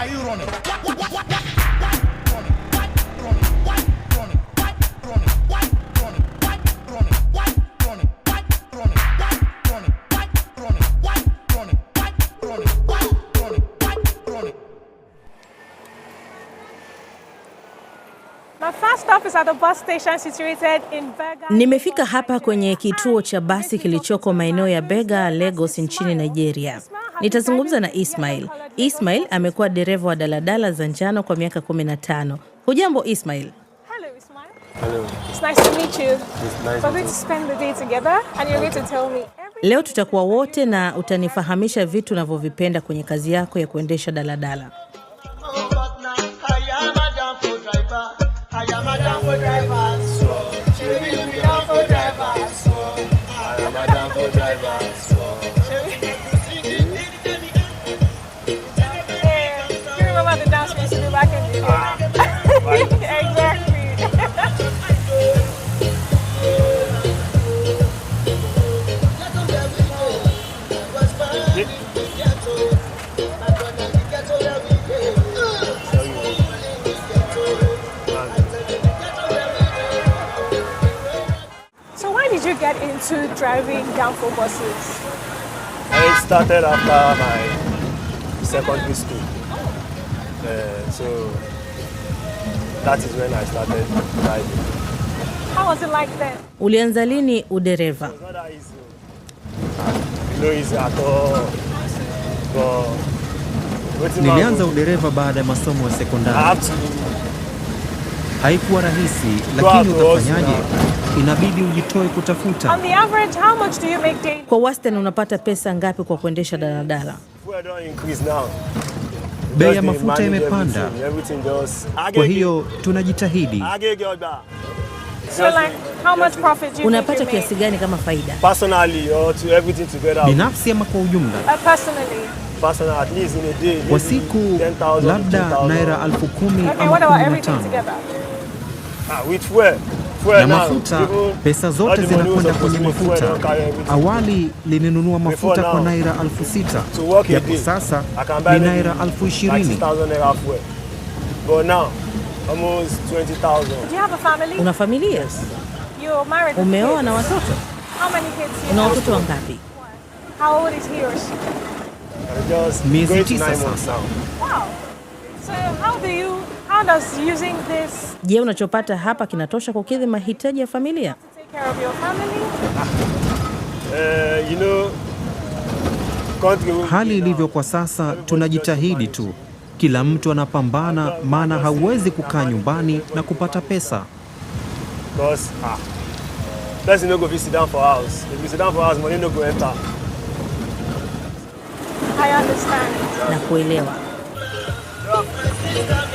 are you running? What, what, what, what? Nimefika hapa kwenye kituo cha basi kilichoko maeneo ya Bega, Lagos nchini Nigeria. Nitazungumza na Ismail. Ismail amekuwa dereva wa daladala za njano kwa miaka 15. Hujambo Ismail? Leo tutakuwa wote na utanifahamisha vitu unavyovipenda kwenye kazi yako ya kuendesha daladala. did you get into driving downfall buses? I started after my secondary school. Uh, so that is when I started driving. How was it like then? Ulianza lini udereva? Nilianza udereva baada ya masomo ya sekondari. Haikuwa rahisi, lakini utafanyaje? Inabidi ujitoe kutafuta. Kwa wastani unapata pesa ngapi kwa kuendesha daladala? Bei ya mafuta imepanda, kwa hiyo tunajitahidi. So like, how much profit you unapata kiasi gani kama faida binafsi ama kwa ujumla? Uh, kwa siku labda naira elfu kumi ama kumi na tano na ah mafuta, pesa zote zinakwenda kwenye mafuta. Awali lininunua mafuta kwa naira elfu sita yapo sasa ni naira elfu ishirini Una familia? Umeoa na watoto? Una watoto wangapi? Miezi tisa sasa. Je, unachopata hapa kinatosha kukidhi mahitaji ya familia? Uh, hali ilivyo kwa sasa, tunajitahidi tu, kila mtu anapambana, maana hauwezi kukaa nyumbani na kupata pesa. Ah, na kuelewa Stop.